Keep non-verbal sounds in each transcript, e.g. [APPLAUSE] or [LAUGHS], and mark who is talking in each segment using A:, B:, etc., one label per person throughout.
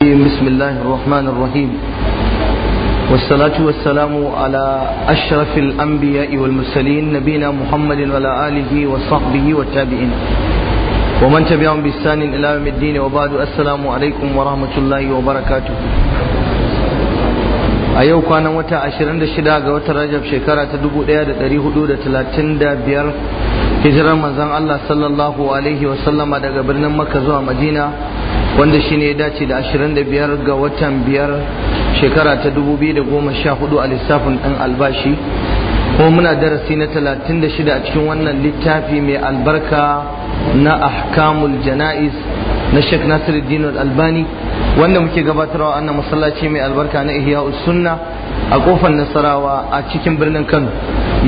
A: بسم الله الرحمن الرحيم والصلاة والسلام على أشرف الأنبياء والمرسلين نبينا محمد وعلى آله وصحبه والتابعين ومن تبعهم بإحسان إلى يوم الدين وبعد السلام عليكم ورحمة الله وبركاته a yau kwanan wata 26 ga watan rajab shekara ta 1435 hijirar manzon Allah sallallahu alaihi wasallama daga birnin makka zuwa madina wanda shi ne dace da 25 ga watan biyar shekara ta 2014 a lissafin ɗan albashi kuma muna darasi na 36 a cikin wannan littafi mai albarka na ahkamul jana'iz na Sheikh Nasiruddin Al-Albani wanda muke gabatarwa annan masallaci mai albarka na Ihya Sunna a kofar Nasarawa a cikin birnin Kano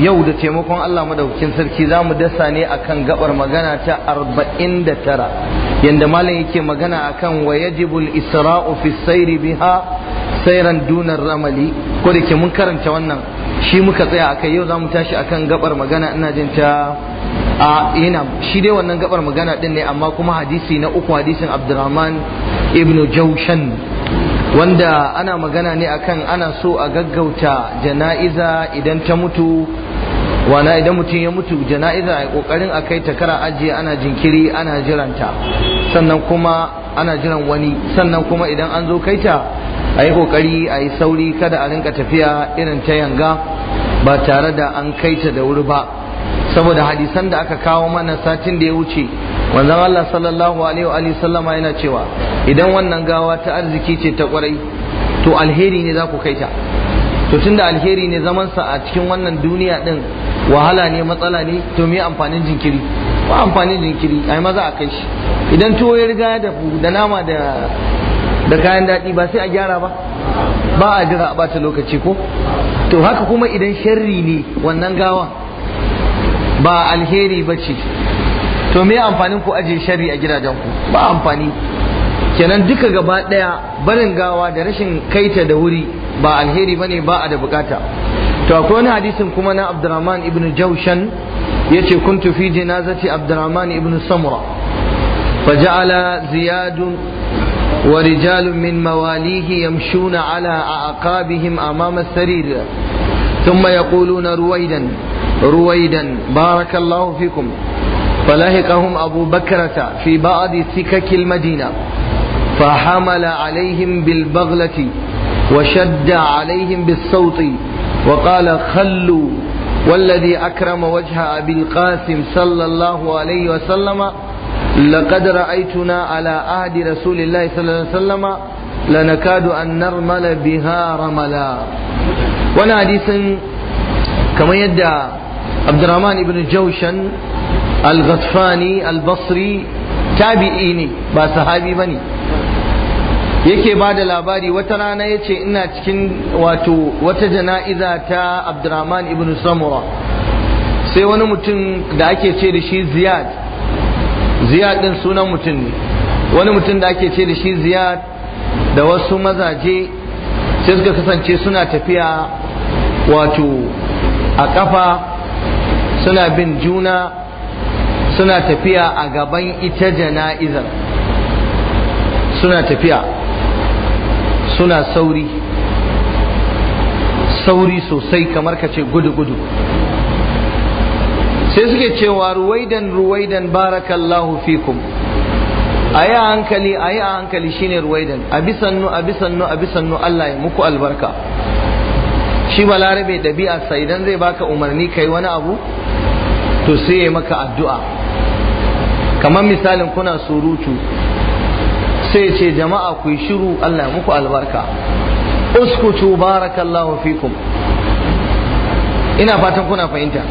A: yau da taimakon Allah madaukakin sarki za mu dasa ne akan gabar magana ta 49 yanda malam yake magana akan wayajibul isra'u fi sayri biha sairan dunar ramali ko da ke mun karanta wannan shi muka tsaya akai yau za mu tashi akan gabar magana ina jin ta a yana shi dai wannan gabar magana din ne amma kuma hadisi na uku hadisin abdurrahman ibnu jaushan wanda ana magana ne akan ana so a gaggauta jana'iza idan ta mutu wana idan mutum ya mutu jana'iza a kokarin a kai takara ajiye ana jinkiri ana jiranta sannan kuma ana jiran wani sannan kuma idan an zo kaita a yi kokari a yi sauri kada a rinka tafiya irin ta yanga ba tare da an kaita da wuri ba saboda hadisan da aka kawo mana satin da ya wuce wanzan Allah sallallahu alaihi wa sallama yana cewa idan wannan gawa ta arziki ce ta kwarai to alheri ne za ku kai ta to tunda alheri ne zaman sa a cikin wannan duniya din wahala ne matsala ne to me amfanin jinkiri ba amfanin jinkiri ai maza a kai shi idan tuwo ya riga da da nama da da kayan daɗi ba sai a gyara ba ba a jira a bata lokaci ko to haka kuma idan sharri ne wannan gawa. ba alheri ba ce to me amfanin ku ajiye shari a gidajen ku ba amfani kenan duka gaba daya barin gawa da rashin kaita da wuri ba alheri bane ba a da bukata to akwai wani hadisin kuma na Abdurrahman ibn Jawshan yace kuntu fi janazati Abdurrahman ibn Samura فجعل زياد ورجال من مواليه يمشون على أعقابهم أمام السرير ثم يقولون رويدا رويدا بارك الله فيكم فلهقهم أبو بكرة في بعض سكك المدينة فحمل عليهم بالبغلة وشد عليهم بالصوت وقال خلوا والذي أكرم وجه أبي القاسم صلى الله عليه وسلم لقد رأيتنا على عهد رسول الله صلى الله عليه وسلم لنكاد أن نرمل بها رملا وانا حديث كما يدعى عبد الرحمن بن جوشن الغطفاني البصري tabi'i ne ba sahabi ba ne yake ba da labari wata rana ya ce ina cikin wato wata jana'iza ta abdurrahman ibn samura sai wani mutum da ake ce da shi ziyad ziyad din sunan mutum ne wani mutum da ake ce da shi ziyad da wasu mazaje sai suka kasance suna tafiya wato a kafa suna bin juna suna tafiya a gaban ita jana'izar suna tafiya suna sauri sauri sosai kamar ka ce gudu-gudu sai suke cewa ruwaidan ruwaidan barakallahu fikum a yi a hankali a yi a hankali shine ruwaidan a bisannu a bisannu a bisannu Allah ya muku albarka shi balarabe sai idan zai baka umarni kai wani abu to sai ya maka addu'a kamar misalin kuna surutu sai ce jama'a ku yi shiru Allah ya muku albarka uskutu barakallahu fikum ina fatan kuna fahimta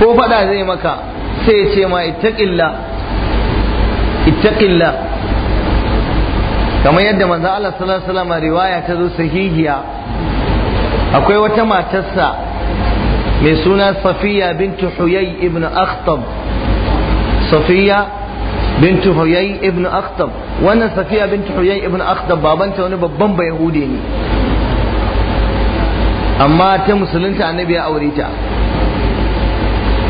A: ko faɗa zai maka sai ya ce ma ittaqilla ittaqilla kamar yadda manzo Allah sallallahu alaihi wasallam riwaya ta zo sahihiya akwai wata matarsa mai suna safiya bintu huyai ibn akhtab safiya bintu huyai ibn akhtab wannan safiya bintu huyai ibn akhtab babanta wani babban bayahude ne amma ta musulunta annabi ya aure ta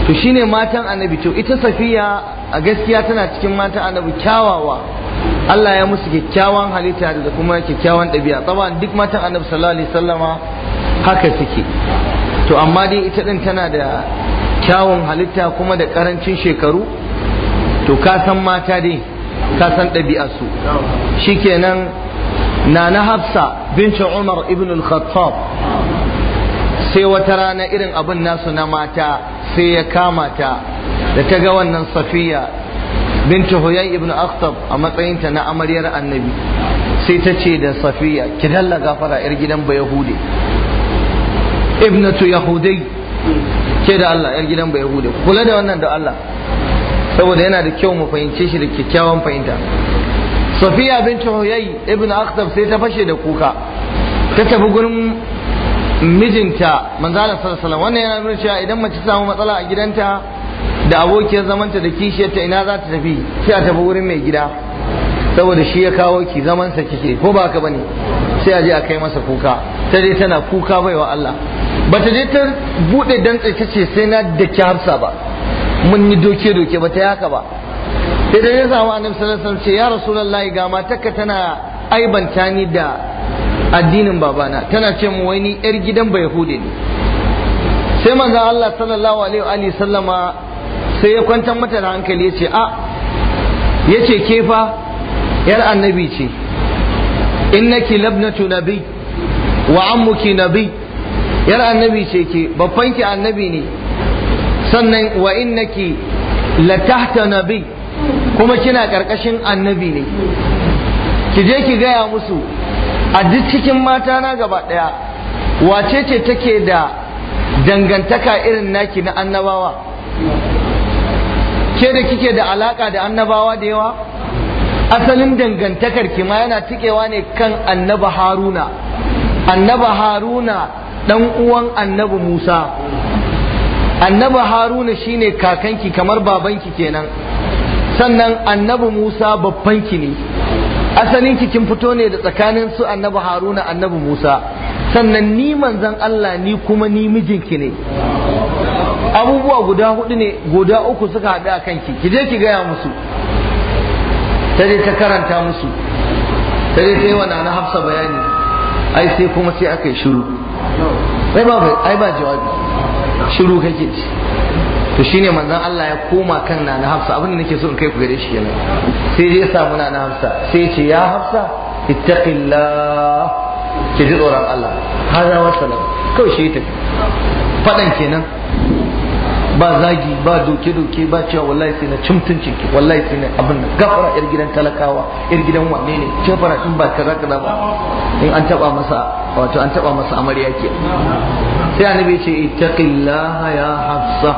A: to shine matan annabi to ita safiya a gaskiya tana cikin matan annabi kyawawa Allah ya musu kyakkyawan halitta da kuma kyakkyawan ɗabi'a tsaba duk matan annabi sallallahu alaihi wasallama haka suke to amma dai ita din tana da kyawun halitta kuma da karancin shekaru to ka san mata dai ka san ɗabi'arsu shikenan nana hafsa binci umar ibn al-khattab sai wata rana irin abin nasu na mata sai ya kama ta da ta ga wannan safiya binta huyai ibn akhtab a matsayinta na amaryar annabi sai ta ce da safiya ki dalla gafara yar gidan bayahude ibnatu yahudai ke da Allah yar gidan bai yahudai kula da wannan da Allah saboda yana da kyau mu fahimce shi da kyakkyawan fahimta safiya bintu huyai ibn akhtab sai ta fashe da kuka ta tafi gurin mijinta manzala sallallahu wannan yana nuna cewa idan mace ta samu matsala a gidanta da abokiyar zamanta da kishiyarta ina za ta tafi sai a tafi wurin mai gida saboda shi ya kawo ki sa kike ko ba ka bane sai a je a kai masa kuka ta dai tana kuka baiwa Allah ba ta je ta bude dantsi ta ce sai na da harsa ba mun yi doke doke ba ta yaka ba sai dai ya samu annabi sallallahu alaihi ce ya rasulullahi ga matarka tana aibanta ni da addinin babana tana ce mu wai ni yar gidan bai hude ne sai manzo Allah sallallahu alaihi wa sallama sai ya kwantar mata da hankali ya ce a yace ce ke fa yar annabi ce innaki labnatu nabi wa ammuki nabi yar annabi ce ke babbanki annabi ne sannan wa innaki la tahta nabi kuma kina karkashin annabi ne ki je ki gaya musu a duk cikin mata na gaba daya wace ce take da dangantaka irin naki na annabawa ke da kike da alaka da annabawa da yawa asalin dangantakar ki ma yana tikewa ne kan annabi haruna annabi haruna dan uwan annabi musa annabi haruna shine kakanki kamar babanki kenan sannan annabi musa babbanki ne asalin ki kin fito ne da tsakanin su annabi haruna annabi musa sannan ni manzan allah ni kuma ni mijinki ne abubuwa guda hudu ne guda uku suka haɗu a kanki ki je ki gaya musu ta je ta karanta musu ta je ta yi wa nana hafsa bayani ai sai kuma sai aka yi shiru ai ba ai ba jawabi shiru kake ci to shine manzon Allah ya koma kan nana hafsa abin da nake so in kai ku gare shi kenan sai je ya samu nana hafsa sai ya ce ya hafsa ittaqillah ki ji tsoron Allah hada wa salam kawai shi ta fadan kenan ba zagi ba doke-doke ba cewa wallahi sai na cimtuncin ki wallahi sai na abin nan gafara yar gidan talakawa yar gidan wanne ne fara in ba kaza kaza ba in an taba masa wato an taba masa amarya ke sai annabi ce ittaqillaha ya hafsa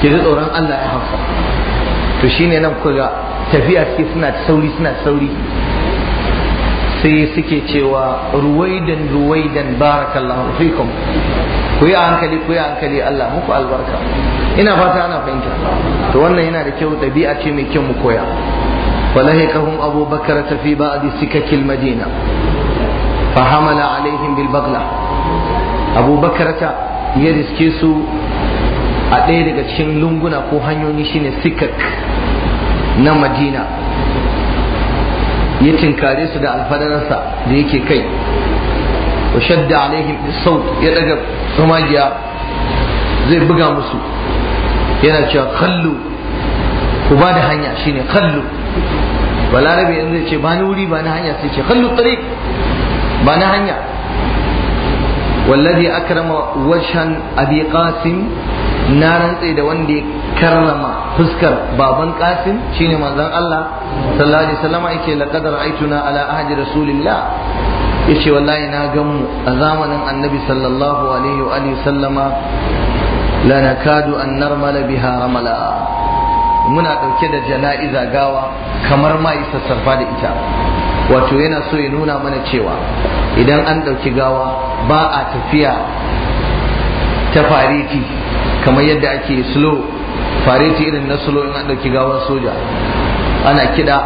A: ki ji tsoron Allah ya hafsa to shine nan kuga tafiya suke suna sauri suna sauri sai suke cewa ruwaidan ruwaidan barakallahu fikum ku yi hankali ku yi hankali Allah muku albarka ina fata ana fahimta to wannan yana da kyau dabi'a ce mai kyau mu koya walahi kahum abu bakar ta fi ba'adi suka kilmadina fa hamala alaihim bil bagla abu bakar ta ya riske su a ɗaya daga cikin lunguna ko hanyoyi shine sikak na madina ya cinkare su da alfadarsa da yake kai wa shadda alaihim sau ya daga rumagiya zai buga musu yana cewa kallu ku ba da hanya shine kallu balarabe yanzu zai ce ba ni wuri ba ni hanya sai ce kallu tsari ba ni hanya wallazi akrama wajhan abi qasim na rantse da wanda ya karrama fuskar baban qasim shine manzon Allah sallallahu alaihi wasallam yake laqad ra'aytuna ala ahdi rasulillah yace wallahi na gan mu a zamanin annabi sallallahu alaihi wa alihi sallama la nakadu an narmala biha ramala muna dauke da jana'iza gawa kamar mai sassarfa da ita wato yana so ya nuna mana cewa idan an dauki gawa ba a tafiya ta fariti kamar yadda ake slow fariti irin na slow in an dauki gawar soja ana kida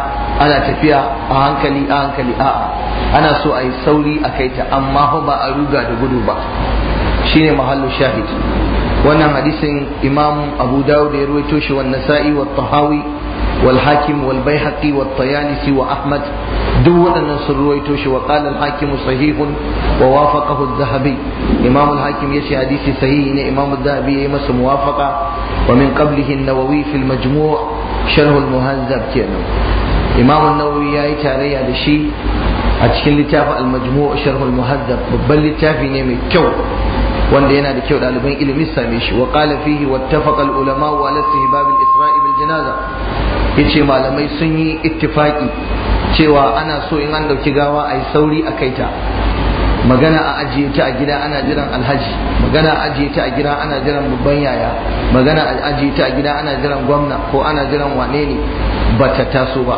A: ana tafiya a hankali a hankali a'a ana so a yi sauri a kai ta amma ba a ruga da gudu ba shine mahallu shahid wannan hadisin imam abu dawud ya ruwaito shi wa nasa'i wa tahawi wal hakim wal baihaqi wa tayalisi wa ahmad duk waɗannan sun ruwaito shi wa qala al hakim sahihun wa wafaqahu zahabi imam al hakim yace hadisi sahihi ne imam zahabi zahabi yayi masa muwafaqa wa min qablihi an-nawawi fi al majmu' sharh al muhazzab kenan imam an-nawawi yayi tarayya da shi a cikin littafin al-majmu' sharh muhaddab babban littafi ne mai kyau wanda yana da kyau ɗaliban ilimi same shi wa qala fihi wattafaqa al-ulama wa ala istihbab israi bil janaza yace malamai sun yi ittifaki cewa ana so in an dauki gawa a yi sauri a kaita magana a ajiye ta a gida ana jiran alhaji magana a ajiye ta a gida ana jiran babban yaya magana a ajiye ta a gida ana jiran gwamna ko ana jiran wane ne ba ta taso ba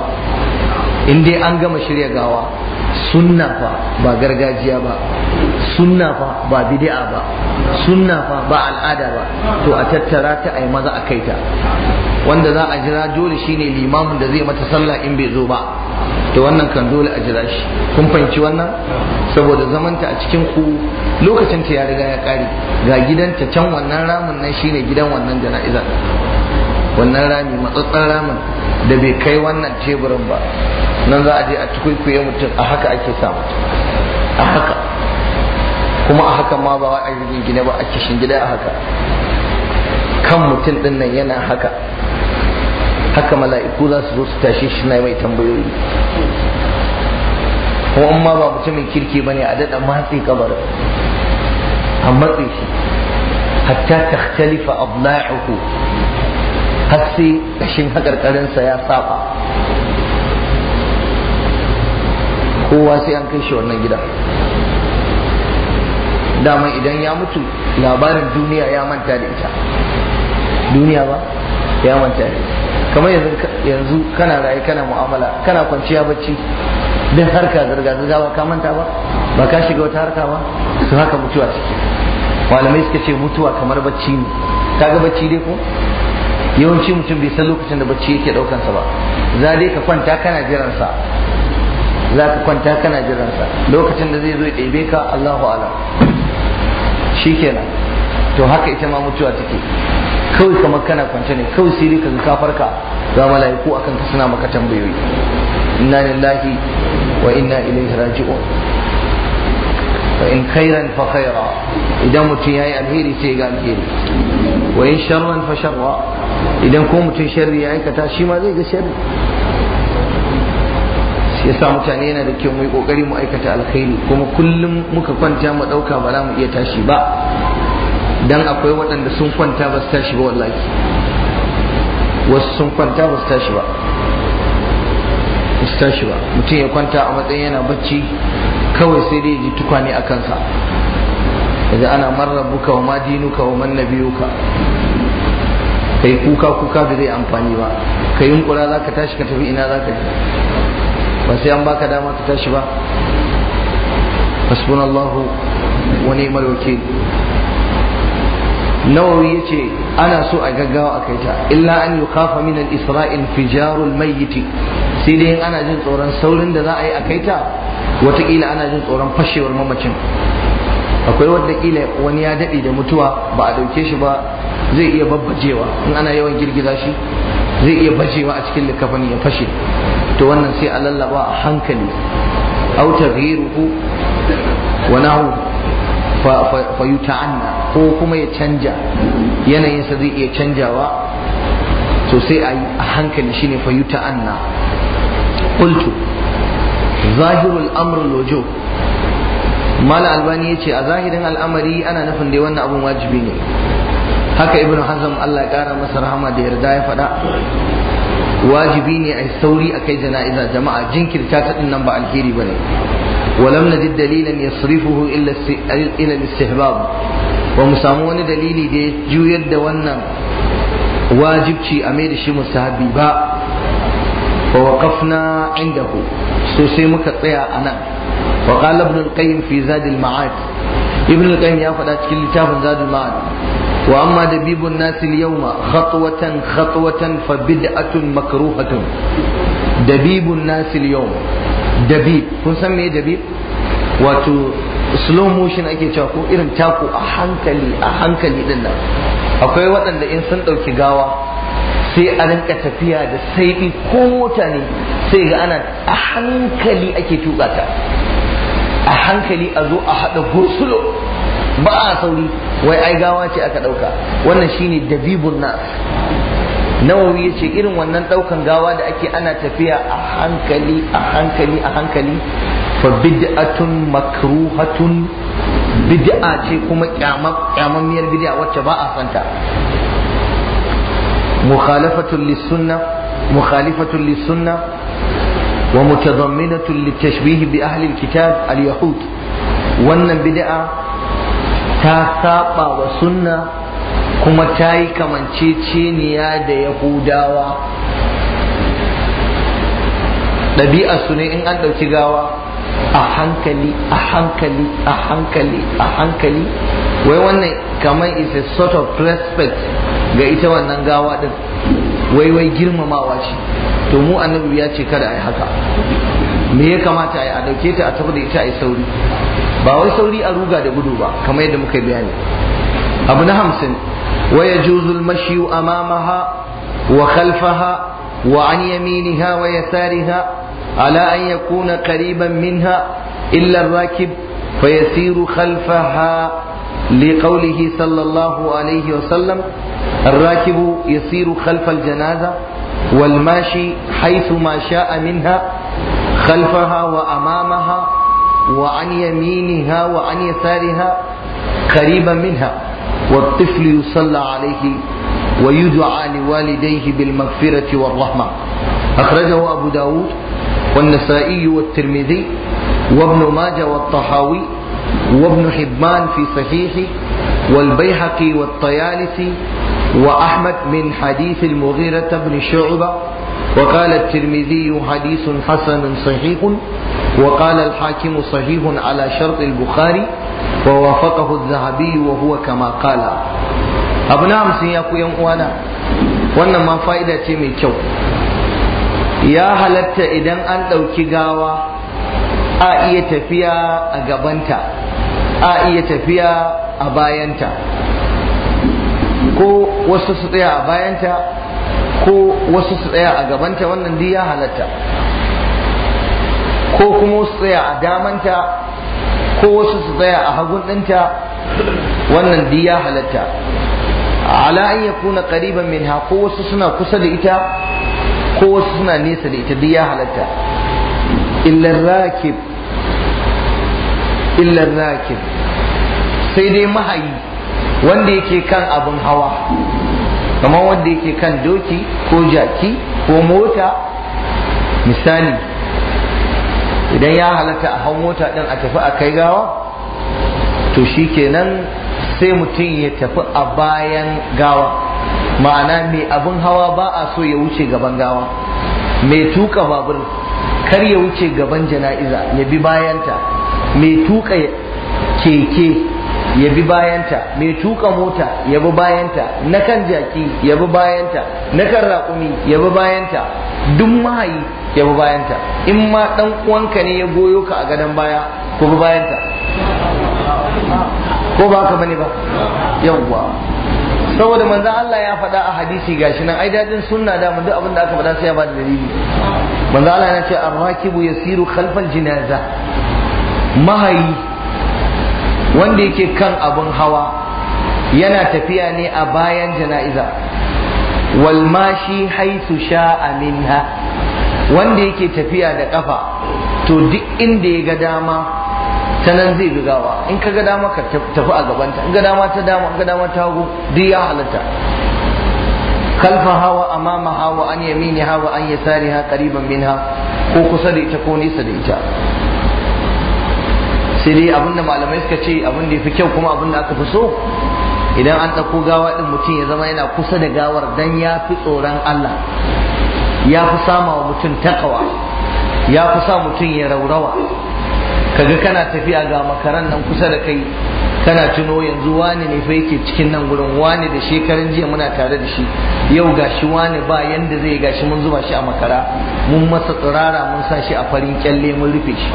A: in dai an gama shirya gawa sunna fa ba gargajiya ba sunna fa ba bid'a ba sunna fa ba al'ada
B: ba to a
A: tattara ta a yi maza a kaita wanda za a jira dole shine limamin da zai mata sallah in bai zo ba to wannan kan dole a jira shi kun fahimci wannan saboda zamanta a cikin ku lokacin ta ya riga ya kare ga gidanta can wannan ramin nan shine gidan wannan jana'izar wannan rami matsatsan ramin da bai kai wannan teburin ba nan za a je a tukwikwiye mutum a haka ake samu a haka kuma a haka ma ba a yi gine ba a kishin gida a haka kan mutum din nan yana haka haka mala'iku za su zo su tashe shi na mai tambayoyi kuma in ma ba mutumin kirki bane a daɗa matsi kabarin a matsi shi hatta takhtalifa abna'uhu har sai kashin hakarkarinsa ya saba kowa sai an kai shi wannan gida dama idan ya mutu labarin duniya ya manta da ita duniya ba ya manta da ita kamar yanzu kana raye kana mu'amala kana kwanciya bacci don harka zirga-zirga ba ka manta ba ba ka shiga wata harka ba su haka mutuwa ciki malamai suka ce mutuwa kamar bacci ne ta ga bacci dai ko yawanci mutum bai san lokacin da bacci yake ɗaukansa ba za dai ka kwanta kana jiransa za ka kwanta kana sa lokacin da zai zo ya ɗebe ka Allahu alam shikenan to haka ita ma mutuwa take kawai kamar kana kwance ne kawai dai ka ka farka ga mala'iku akan ka suna maka tambayoyi inna lillahi wa inna ilaihi raji'un fa in khairan fa khaira idan mutum yayi alheri sai ga alheri wa in sharran fa sharra idan ko mutum sharri ya aikata shi ma zai ga sharri shi yasa mutane yana da kyau mu yi kokari mu aikata alkhairi kuma kullum muka kwanta mu dauka ba za mu iya tashi ba dan akwai waɗanda sun kwanta ba su tashi ba wallahi wasu sun kwanta ba su tashi ba su tashi ba mutum ya kwanta a matsayin yana bacci kawai sai dai ji tukwane a kansa daga ana marar rabbuka wa ma dinuka wa man nabiyuka ka yi kuka kuka da zai amfani ba ka yi kura za ka tashi ka tafi ina za ka je ba sai an baka dama ka tashi ba hasbunallahu wa ni'mal wakil nawawi yace ana so a gaggawa a kaita illa an yukafa min al-isra'il fijarul mayyit sai dai ana jin tsoron saurin da za a yi a kaita. wataƙila ana jin tsoron fashewar mamacin akwai wanda kila wani ya daɗe da mutuwa ba a ɗauke shi ba zai iya babbajewa in ana yawan girgiza shi zai iya bajewa a cikin likafani ya fashe to wannan sai a lallaba a hankali au taghiruhu wa nahu fa yuta'anna ko kuma ya canja yanayinsa zai iya canjawa to sai a hankali shine fa yuta'anna qultu zahirul amr lojo mala albani yace a zahirin al'amari ana nufin dai wannan abun wajibi ne haka ibnu hazm Allah ya kara masa rahama da yarda ya faɗa wajibi ne a sauri a kai jana'iza jama'a jinkirta ta din nan ba alheri bane walam najid dalilan yasrifuhu illa ila istihbab wa mu samu wani dalili da ya juyar da wannan wajibci a mai da shi mustahabi ba wa waqafna indahu so sai muka tsaya a nan wa qala ibn al-qayyim fi zad al-ma'ad ibn al-qayyim ya faɗa cikin littafin zad al-ma'ad وأما دبيب الناس اليوم خطوة خطوة فبدعة مكروهة دبيب الناس اليوم دبيب كن سمي دبيب واتو slow motion ake cewa ko irin taku a hankali a hankali din nan akwai waɗanda in sun ɗauki gawa sai a rinka tafiya da saiɗi ko mota ne sai ga ana a hankali ake tuƙata ta a hankali a zo a haɗa gursulo ba a sauri wai ai gawa ce aka ɗauka wannan shine dabibun nas nawawi ya irin wannan ɗaukan gawa da ake ana tafiya a hankali a hankali a hankali fa bid'atun makruhatun bid'a ce kuma kyamammiyar bid'a wacce ba a santa mukhalafatun lissunna mukhalifatun lissunna wa mutadamminatun litashbih bi ahli alkitab alyahud wannan bid'a ta saba wa sunna kuma ta yi kamanceceniya da yahudawa ɗabi'a su ne in an ɗauki gawa a hankali a hankali a hankali a hankali wai wannan kamar is a sort of respect ga ita wannan gawa ɗin wai wai girmamawa ce to mu annabi ya ce kada a yi haka me ya kamata a yi a ɗauke ta a tabbata ita a yi sauri ba wai sauri a ruga da gudu ba kamar yadda muka bayani abu na hamsin waya juzul mashiyu amamaha
B: wa khalfaha
A: wa an yaminiha wa yasariha ala an yakuna qariban minha illa rakib fayasiru khalfaha لقوله صلى الله عليه وسلم الراكب يسير خلف الجنازة والماشي حيث ما شاء منها خلفها وأمامها وعن يمينها وعن يسارها قريبا منها والطفل يصلى عليه ويدعى لوالديه بالمغفرة والرحمة أخرجه أبو داود والنسائي والترمذي وابن ماجه والطحاوي وابن حبان في صحيحه والبيهقي والطيالسي وأحمد من حديث المغيرة بن شعبة وقال الترمذي حديث حسن صحيح وقال الحاكم صحيح على شرط البخاري ووافقه الذهبي وهو كما قال abu na hamsin ya ku uwana wannan ma fa'ida ce mai kyau ya halatta idan an ɗauki gawa a iya tafiya a gabanta a iya tafiya a bayanta ko wasu su tsaya a bayanta ko wasu su tsaya a gabanta wannan duk ya halatta ko kuma su tsaya a damanta ko wasu su tsaya a hagun ɗinta wannan duk ya halatta ala an yakuna qariban minha ko wasu suna kusa da ita ko wasu suna nesa da ita duk ya halatta illar rakib illar rakib sai dai mahayi wanda yake kan abin hawa kamar wanda yake kan doki ko jaki ko mota misali idan ya halatta a hau mota ɗin a tafi a kai gawa to shi kenan sai mutum ya tafi a bayan gawa ma'ana mai abin hawa ba a so ya wuce gaban gawa mai tuka babur kar ya wuce gaban jana'iza ya bi bayanta mai tuka keke ya bi bayanta mai tuka mota ya bi bayanta na kan jaki ya bi bayanta na kan raƙumi ya bi bayanta duk mahayi ya bi bayanta in ma dan uwanka ne ya goyo ka a gadon baya ko bi bayanta ko ba ka bane ba yawwa saboda manzon Allah ya faɗa a hadisi gashi nan ai dadin sunna da mu duk abin da aka faɗa sai ya bada dalili manzon Allah yana ce arrakibu yasiru khalfal jinaza mahayi wanda yake kan abin hawa yana tafiya ne a bayan jana'iza wal mashi haisu sha'a minha wanda yake tafiya da kafa to duk inda ya ga dama ta nan zai gawa in ka ga dama ka tafi a gabanta in ga dama ta dama in ga dama ta hagu duk ya halatta kalfa hawa amama hawa an yamini hawa an yasari ha qariban minha ko kusa da ita ko nesa da ita sai dai abinda malamai suka ce abin da yafi kyau kuma abin da aka fi so idan an ɗauko gawa ɗin mutum ya zama yana kusa da gawar dan ya fi tsoron Allah ya fi sama wa mutum takawa ya fi sa mutum ya raurawa kaga kana tafiya ga makaran nan kusa da kai kana tuno yanzu wani ne fa yake cikin nan gurin wani da shekaran jiya muna tare da shi yau gashi wani ba yanda zai gashi mun zuba shi a makara mun masa tsirara mun sa shi a farin kyalle mun rufe shi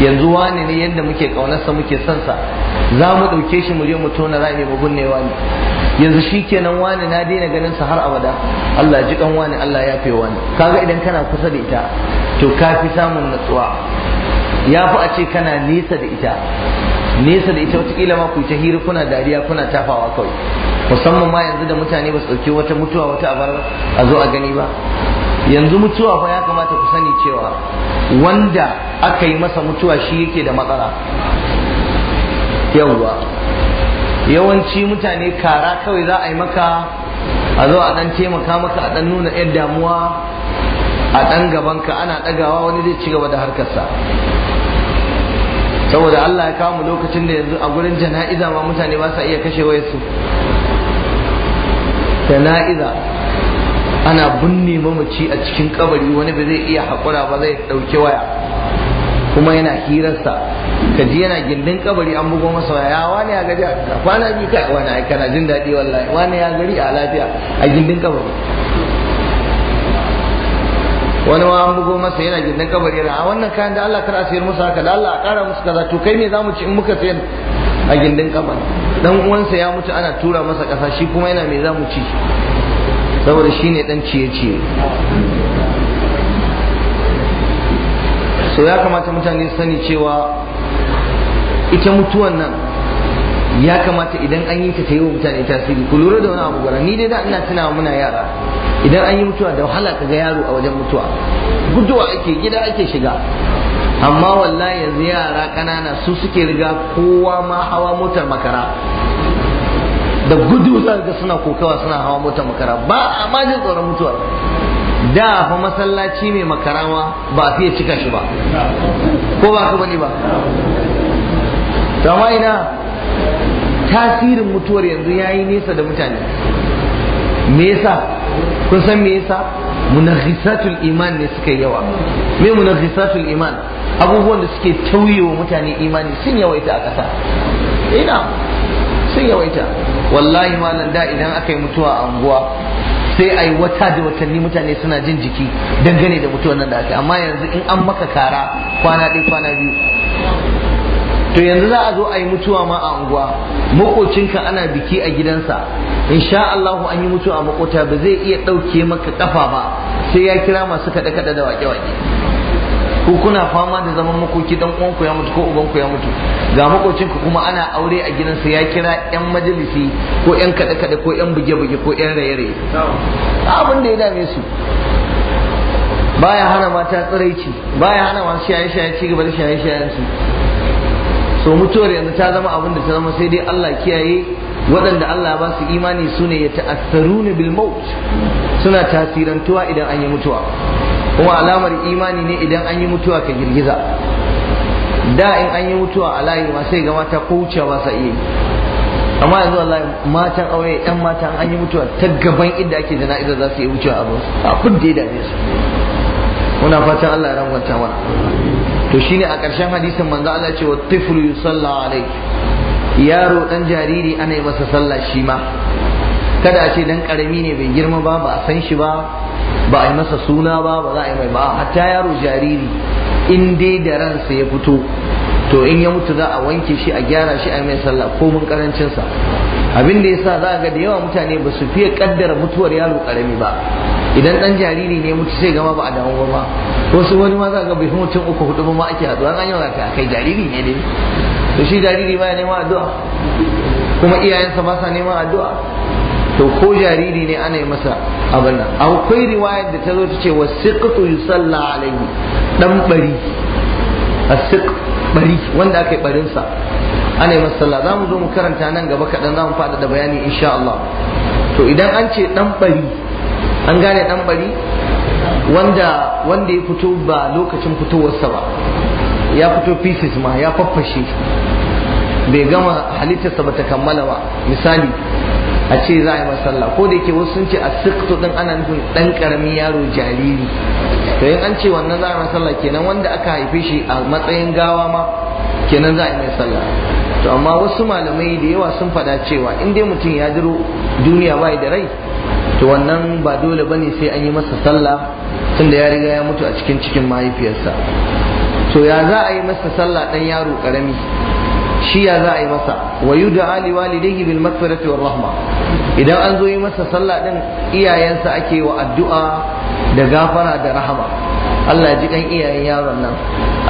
A: yanzu wani ne yadda muke kaunarsa muke son sa za mu ɗauke shi mu je mu tona rami mu binne wani yanzu shi kenan wani na daina ganin sa har abada Allah ji kan wani Allah ya fi wani kaga idan kana kusa da ita to ka fi samun natsuwa ya fi a ce kana nesa da ita nesa da ita watakila ma ku ta hira kuna dariya kuna tafawa kawai musamman ma yanzu da mutane ba su ɗauki wata mutuwa wata abar a zo a gani ba yanzu mutuwa fa ya kamata ku sani cewa wanda aka yi masa mutuwa shi yake da matsala yawwa yawanci mutane kara kawai za a yi maka a zo a dan taimaka maka a dan nuna yan damuwa a dan gabanka ana dagawa wani zai ci gaba da harkarsa saboda Allah ya kawo mu lokacin da yanzu a gurin jana'iza ma mutane ba sa iya kashe wayarsu jana'iza ana binne mamaci a cikin kabari wani ba zai iya haƙura ba zai ɗauki waya kuma yana hirarsa ka ji yana gindin kabari an bugo masa waya wani ya a kwana biyu kai wani ai kana jin daɗi wallahi wani ya gari a lafiya a gindin kabari wani ma an bugo masa yana gindin kabari yana a wannan kayan da Allah kar a sayar musu haka da Allah a ƙara musu kaza to kai me za mu ci in muka sayar a gindin kabari dan uwansa ya mutu ana tura masa ƙasa shi kuma yana me za mu ci saboda shi ne dan ciye-ciye so ya kamata mutane sani cewa ita mutuwan nan ya kamata idan an yi ta ta yi wa mutane tasiri ku lura da wani abu gara ni dai da ina tunawa muna yara idan an yi mutuwa da wahala ka ga yaro a wajen mutuwa guduwa ake gida ake shiga amma wallahi yanzu yara ƙanana su suke riga kowa ma hawa motar makara da gudu sa ga suna kokawa suna hawa mota makara ba a ma tsoron mutuwar da fa masallaci mai makarawa ba fiye cika shi ba ko ba ka bane ba amma ina tasirin mutuwar yanzu ya yi nesa da mutane me yasa kun san me yasa munaghisatul iman ne suka yawa me munaghisatul iman abubuwan da suke tauye wa mutane imani sun yawaita a ƙasa ina sun yawaita wallahi malam da idan aka mutuwa a unguwa sai a wata da watanni mutane suna jin jiki dangane da mutuwan nan da aka amma yanzu in an maka kara kwana ɗaya kwana biyu to yanzu za a zo a yi mutuwa ma a unguwa makocinka ana biki a gidansa insha Allahu an yi mutuwa a makota ba zai iya ɗauke maka kafa ba sai ya kira masu kaɗe-kaɗe da waƙe-waƙe. ku kuna fama da zaman makoki dan ku ya mutu ko uban ku ya mutu ga ku kuma ana aure a gidansa ya kira yan majalisi ko yan kada kada ko yan buge buge ko yan raye raye abin da ya dame su baya hana mata tsiraici baya hana masu shaye shaye ci gaba da shaye shaye su so mutuwar yanzu ta zama abin da ta zama sai dai Allah kiyaye waɗanda Allah ba su imani su ne ya ta'assaru bil maut suna tasirantuwa idan an yi mutuwa kuma alamar imani ne idan an yi mutuwa ka girgiza da in an yi mutuwa a layi ma sai ga mata ko ba sa iya amma yanzu wallahi matan aure yan mata an yi mutuwa ta gaban inda ake jana'izar za su yi wucewa abin a kudde da dame su muna fatan Allah ya rangwanta mana to shine a ƙarshen hadisin manzo Allah ya ce wa tiflu yusalla alayhi yaro dan jariri ana yi masa sallah shi ma kada a ce dan karami ne bai girma ba ba a san shi ba ba a yi masa suna ba ba za a yi mai ba hatta yaro jariri in dai da ransa ya fito to in ya mutu za a wanke shi a gyara shi a mai sallah ko mun karancin sa abin da yasa za ga da yawa mutane ba su fiye kaddara mutuwar yaro karami ba idan dan jariri ne mutu sai gama ba a damu ba wasu wani ma za ga bai mutum uku hudu ba ma ake haɗuwa an yi wa kai jariri ne dai to shi jariri ba ya neman addu'a kuma iyayensa ba sa neman addu'a to ko jariri ne ana yi masa abin nan akwai riwayar da ta zo ta ce wa siqtu yusalla alayhi dan bari asiq bari wanda aka yi barin sa ana yi masa sallah zamu zo mu karanta nan gaba kaɗan zamu faɗa da bayani insha Allah to idan an ce dan bari an gane dan bari wanda wanda ya fito ba lokacin fitowarsa ba ya fito pieces ma ya faffashe bai gama halittarsa ba ta kammala ba misali a ce za a yi masalla ko da yake wasu sun ce a sikto din ana nufin dan karami yaro jariri to in an ce wannan za a yi masalla kenan wanda aka haife shi a matsayin gawa ma kenan za a yi mai salla to amma wasu malamai da yawa sun fada cewa in dai mutum ya jiro duniya bai da rai to wannan ba dole bane sai an yi masa sallah tunda ya riga ya mutu a cikin cikin mahaifiyarsa to ya za a yi masa sallah dan yaro karami shi ya za a yi masa wa yud'a li walidayhi bil maghfirati war rahma idan an zo yi masa sallah din iyayensa ake wa addu'a da gafara da rahama Allah ya ji iyayen yaron nan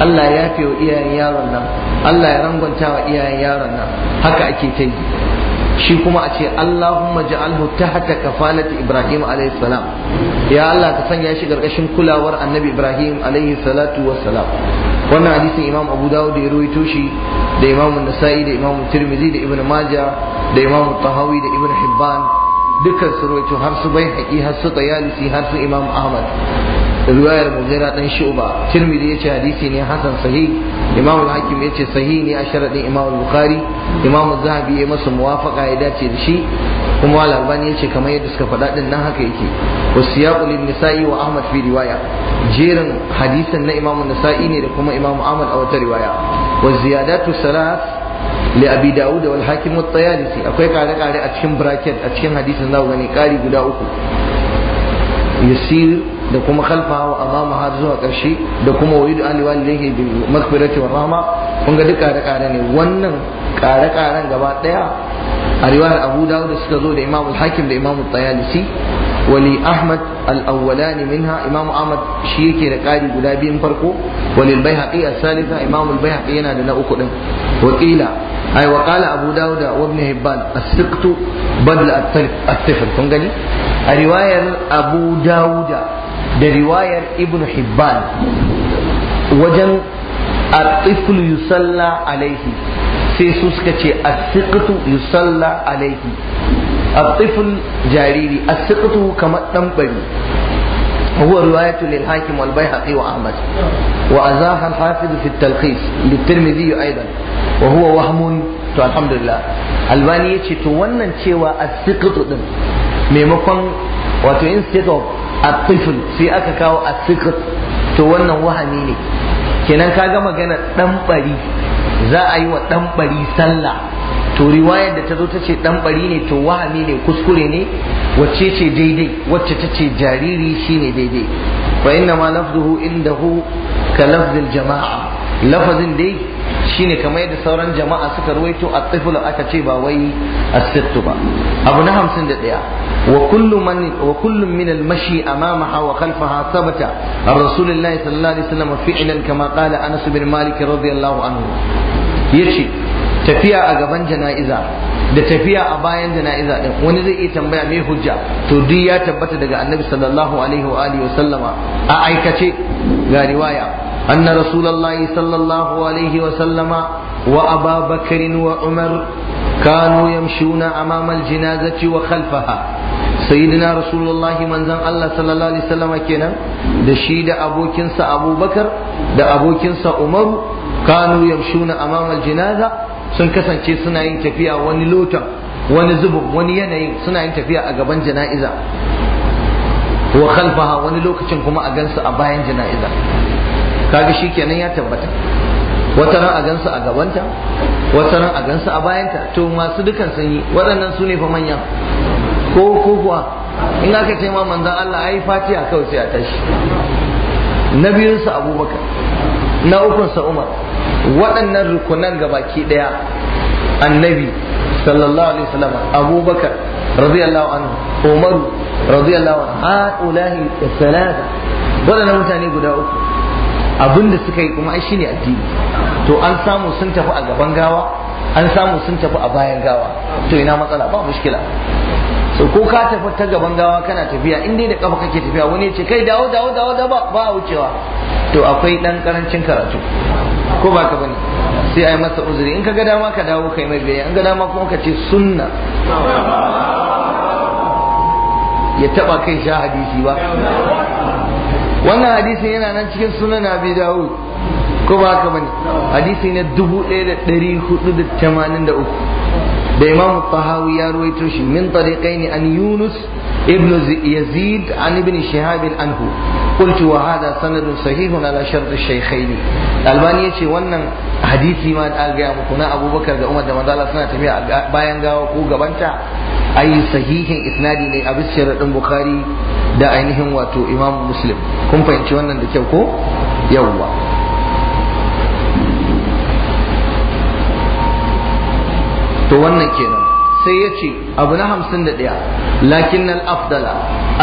A: Allah ya yafe wa iyayen yaron nan Allah ya rangwanta wa iyayen yaron nan haka ake ta yi shi kuma a ce Allahumma ja'alhu tahta kafalati Ibrahim alayhi salam ya Allah ka sanya shi gargashin kulawar Annabi Ibrahim alayhi salatu wassalam wannan hadisin Imam Abu Dawud ya rawaito shi da Imam Nasa'i da Imam Tirmidhi da Ibn Maja, da Imam Tahawi da Ibn Hibban dukkan su rawaito har su bai haƙi har su Tayalisi har su Imam Ahmad riwayar Mughira dan Shu'ba Tirmidhi ya ce hadisi ne Hassan sahih imam al-hakim ya ce sahi ne a sharaɗin imam al-bukhari imam zahabi ya masa muwafaqa ya dace da shi kuma al-albani ya ce kamar yadda suka faɗa din nan haka yake wasiyaqu lin-nisa'i wa ahmad fi riwaya jerin hadisan na imam an-nisa'i ne da kuma imam ahmad a wata riwaya wa ziyadatu salas li abi dawud wal hakim at-tayalisi akwai kare kare a cikin bracket a cikin hadisin zaku gani kari guda uku yasir da kuma kalfa wa amama har zuwa karshe da kuma wa yud'a li walidayhi bi maghfirati wa rahma kun ga duk kare ne wannan ƙare-ƙaren gaba daya a riwayar Abu Dawud da suka zo da imamul Hakim da Imam Tayalisi wali ahmad al-awwalani minha imam ahmad shi yake da ƙari guda biyun farko walil baihaqi as-salisa imam al-baihaqi yana da na uku din wakila ai wa qala abu dawud wa ibn hibban as-siqtu badal at-tifl a riwayar abu da riwayar ibnu hibban wajen at-tifl alaihi sai suka ce as yusalla alaihi الطفل جاريري السقط كما الدنبري وهو رواية للحاكم والبيهقي وأحمد وأزاح الحافظ في التلخيص للترمذي أيضا وهو وهم الحمد لله الباني يتشي تونن تشيوى السقط دم ميمكن wato in state of atiful sai aka kawo asikut to wannan wahami ne kenan ka ga magana dan bari za a yi wa dan bari sallah to riwayar da ta zo ta ce dan bari ne to wahami ne kuskure ne wacce ce daidai wacce ta ce jariri shine daidai fa inna ma lafzuhu indahu ka lafzil jama'a lafazin dai shine kamar yadda sauran jama'a suka ruwaito a tsifula aka ce ba wai asittu ba abu na hamsin da ɗaya wa kullum min al-mashi almashi amamaha wa khalfaha sabata an rasulillahi sallallahu alaihi wasallam fi'lan kama qala anas bin malik radiyallahu anhu yace tafiya a gaban jana'iza da tafiya a bayan jana'iza din wani zai iya tambaya me hujja to duk ya tabbata daga annabi sallallahu alaihi wa alihi wa sallama a aikace ga riwaya anna rasulullahi sallallahu alaihi wa sallama wa aba bakr wa umar kanu yamshuna amamal jinazati wa khalfaha sayyidina rasulullahi manzon Allah sallallahu alaihi wasallama kenan da shi da abokinsa abubakar da abokinsa umaru kanu yamshuna amamal jinaza. sun kasance suna yin tafiya wani lotan wani zubin wani yanayi suna yin tafiya a gaban jana'iza
B: wa khalfaha
A: wani lokacin kuma a gansu a bayan jana'iza kaga shikenan ya tabbata wata ran a gansu a gabanta wata ran a gansu a bayanta to masu dukan sun yi waɗannan su ne fa manya ko ko kuwa in aka ce ma manzan Allah ai fatiha kawai sai a tashi na su abubakar na ukunsa umar waɗannan rukunan ga baki ɗaya annabi sallallahu alaihi wasallam abubakar radiyallahu anhu umaru radiyallahu anhu ha'ulahi salata waɗannan mutane guda uku abinda suka yi kuma shi shine addini to an samu sun tafi a gaban gawa an samu sun tafi a bayan gawa to ina matsala ba mushkila to ko ka tafi ta gaban gawa kana tafiya in dai da kafa kake tafiya wani ce kai dawo dawo dawo da ba a wucewa to akwai dan karancin karatu ko ba ka bane sai ai masa uzuri in ka ga dama ka dawo kai mai biyayya in ga dama kuma ka ce sunna ya taba kai sha hadisi ba wannan hadisin yana nan cikin sunan abi dawud ko ba ka bane hadisi na 1483 da imamu tahawi ya ruwaito shi min ne an yunus ibn yazid an ibn shihab anhu qultu wa hada sanadun sahihun ala shart ash-shaykhain albani yace wannan hadisi ma da ga muku na abubakar da umar da manzala suna tafiya bayan gawa ko gabanta Ayi sahihin isnadi ne a bisa din bukhari da ainihin wato imam muslim kun fahimci wannan da kyau ko yawwa to wannan kenan sai ya ce abu na hamsin da ɗaya lakin al-afdala